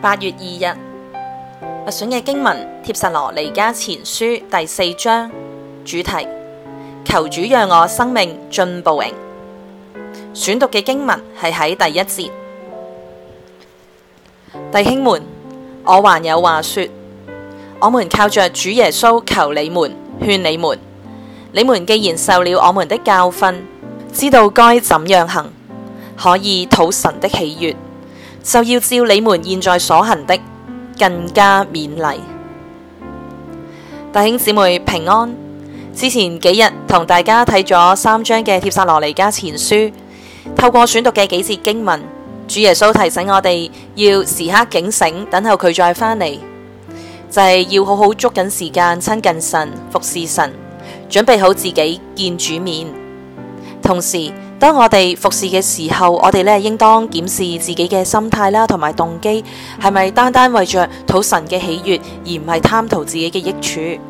八月二日，默選嘅經文《帖撒羅尼迦前書》第四章，主題，求主讓我生命進步 ing。選讀嘅經文係喺第一節，弟兄們，我還有話說，我們靠着主耶穌求你們，勸你們，你們既然受了我們的教訓，知道該怎樣行，可以討神的喜悅。就要照你們現在所行的，更加勉勵。弟兄姊妹平安。之前幾日同大家睇咗三章嘅帖撒羅尼迦前書，透過選讀嘅幾節經文，主耶穌提醒我哋要時刻警醒，等候佢再返嚟，就係、是、要好好捉緊時間親近神、服侍神，準備好自己見主面，同時。當我哋服侍嘅時候，我哋咧，應當檢視自己嘅心態啦，同埋動機係咪單單為着討神嘅喜悅，而唔係貪圖自己嘅益處。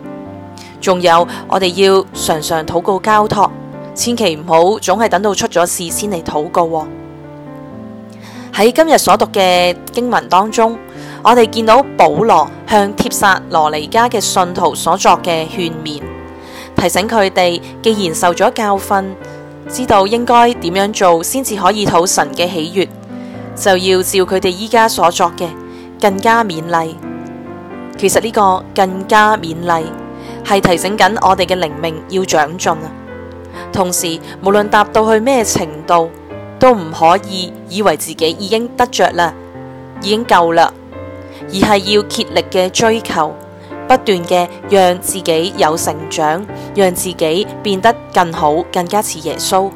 仲有，我哋要常常禱告交託，千祈唔好總係等到出咗事先嚟禱告。喺今日所讀嘅經文當中，我哋見到保羅向帖撒羅尼加嘅信徒所作嘅勸勉，提醒佢哋既然受咗教訓。知道應該點樣做先至可以討神嘅喜悅，就要照佢哋而家所作嘅更加勉勵。其實呢個更加勉勵係提醒緊我哋嘅靈命要長進啊。同時，無論達到去咩程度，都唔可以以為自己已經得着啦，已經夠啦，而係要竭力嘅追求。不斷嘅讓自己有成長，讓自己變得更好，更加似耶穌。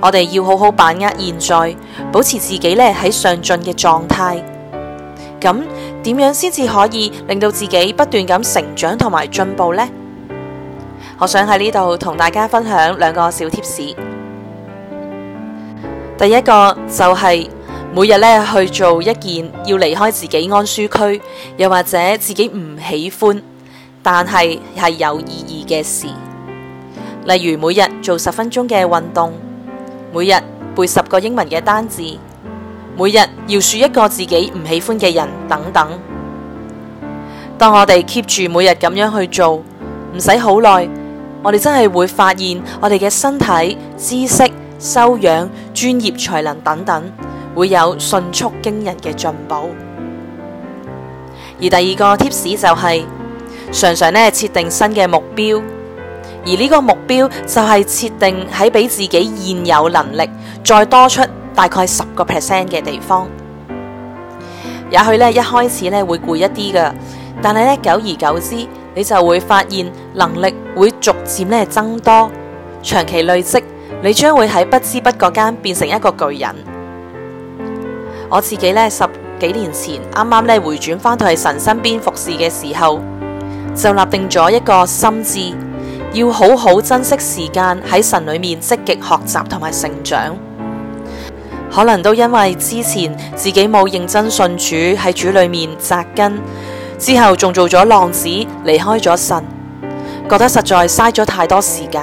我哋要好好把握現在，保持自己咧喺上進嘅狀態。咁點樣先至可以令到自己不斷咁成長同埋進步呢？我想喺呢度同大家分享兩個小貼士。第一個就係。每日咧去做一件要離開自己安舒區，又或者自己唔喜歡，但係係有意義嘅事，例如每日做十分鐘嘅運動，每日背十個英文嘅單字，每日要述一個自己唔喜歡嘅人等等。當我哋 keep 住每日咁樣去做，唔使好耐，我哋真係會發現我哋嘅身體、知識、修養、專業才能等等。會有迅速驚人嘅進步，而第二個 tips 就係常常咧設定新嘅目標，而呢個目標就係設定喺比自己現有能力再多出大概十個 percent 嘅地方。也許咧一開始咧會攰一啲嘅，但係咧久而久之，你就會發現能力會逐漸咧增多，長期累積，你將會喺不知不覺間變成一個巨人。我自己咧十幾年前啱啱咧回轉翻到去神身邊服侍嘅時候，就立定咗一個心志，要好好珍惜時間喺神裏面積極學習同埋成長。可能都因為之前自己冇認真信主喺主裏面扎根，之後仲做咗浪子離開咗神，覺得實在嘥咗太多時間。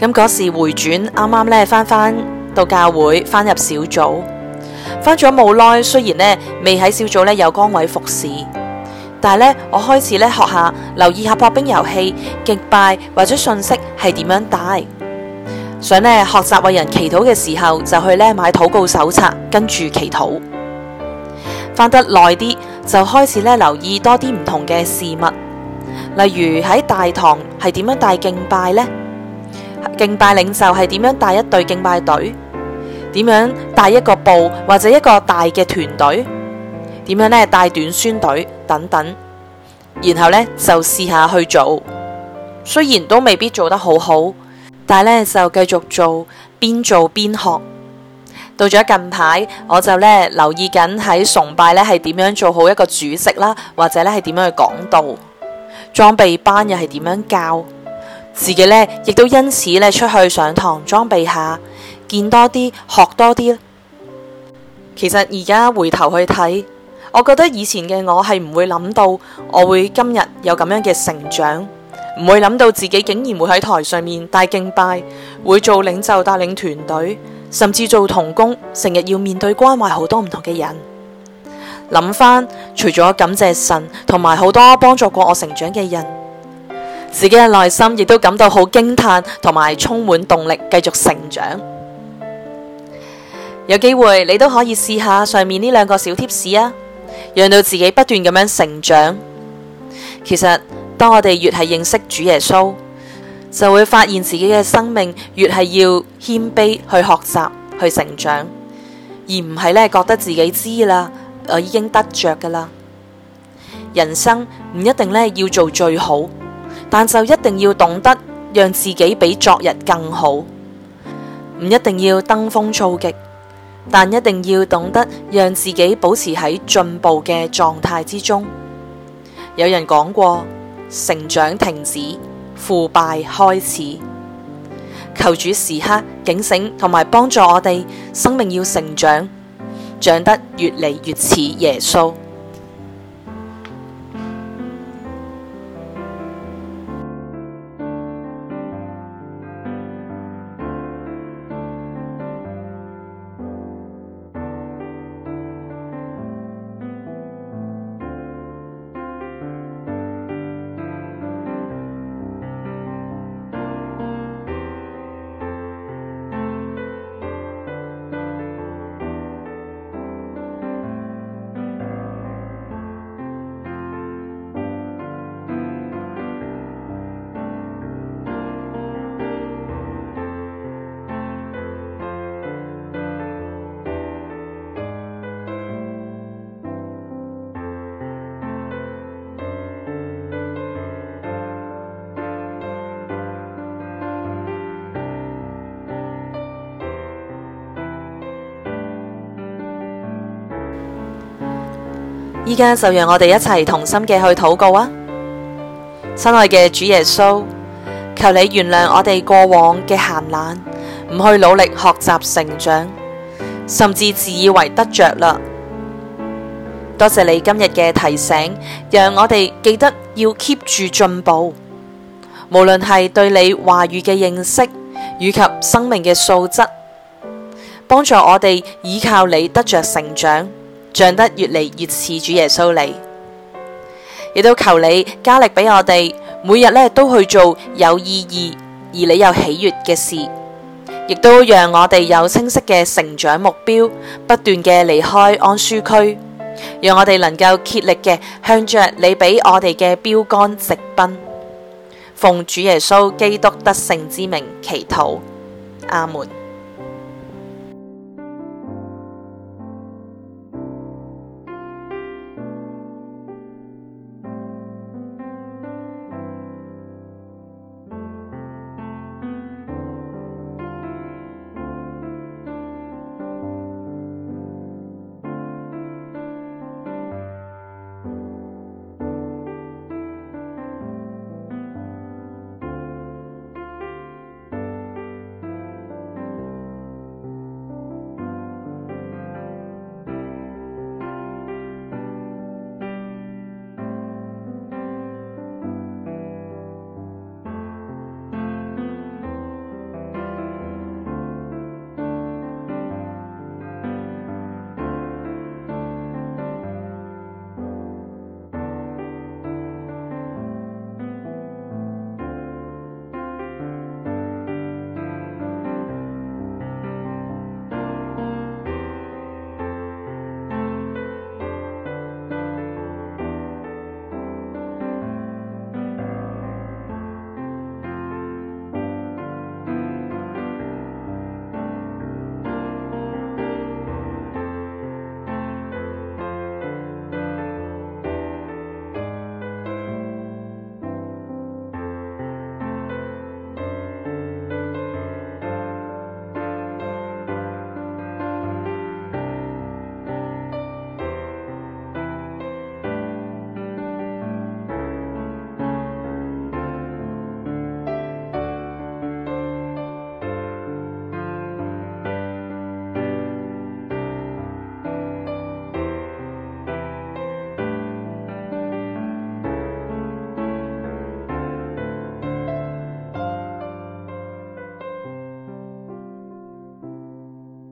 咁嗰時回轉啱啱咧翻返到教會翻入小組。返咗冇耐，雖然咧未喺小組咧有崗位服侍，但係咧我開始咧學下留意下破冰遊戲、敬拜或者訊息係點樣帶，想咧學習為人祈禱嘅時候，就去咧買禱告手冊跟住祈禱。返得耐啲就開始咧留意多啲唔同嘅事物，例如喺大堂係點樣帶敬拜呢？敬拜領袖係點樣帶一隊敬拜隊？點樣帶一個部或者一個大嘅團隊？點樣呢帶短宣隊等等？然後呢就試下去做，雖然都未必做得好好，但係呢就繼續做，邊做邊學。到咗近排我就呢留意緊喺崇拜呢係點樣做好一個主席啦，或者呢係點樣去講道、裝備班又係點樣教自己呢，亦都因此呢出去上堂裝備下。見多啲，學多啲。其實而家回頭去睇，我覺得以前嘅我係唔會諗到我會今日有咁樣嘅成長，唔會諗到自己竟然會喺台上面帶敬拜，會做領袖帶領團隊，甚至做同工，成日要面對關懷好多唔同嘅人。諗翻除咗感謝神，同埋好多幫助過我成長嘅人，自己嘅內心亦都感到好驚嘆，同埋充滿動力，繼續成長。有機會你都可以試下上面呢兩個小貼士啊，讓到自己不斷咁樣成長。其實當我哋越係認識主耶穌，就會發現自己嘅生命越係要謙卑去學習去成長，而唔係呢覺得自己知啦，誒已經得着噶啦。人生唔一定呢要做最好，但就一定要懂得讓自己比昨日更好，唔一定要登峰造極。但一定要懂得讓自己保持喺進步嘅狀態之中。有人講過，成長停止，腐敗開始。求主時刻警醒，同埋幫助我哋，生命要成長，長得越嚟越似耶穌。依家就讓我哋一齊同心嘅去禱告啊！親愛嘅主耶穌，求你原諒我哋過往嘅閒懶，唔去努力學習成長，甚至自以為得着啦。多謝你今日嘅提醒，讓我哋記得要 keep 住進步。無論係對你話語嘅認識，以及生命嘅素質，幫助我哋依靠你得着成長。長得越嚟越似主耶穌你，亦都求你加力俾我哋，每日咧都去做有意義而你又喜悦嘅事，亦都讓我哋有清晰嘅成長目標，不斷嘅離開安舒區，讓我哋能夠竭力嘅向着你俾我哋嘅標杆直奔。奉主耶穌基督得勝之名祈禱，阿門。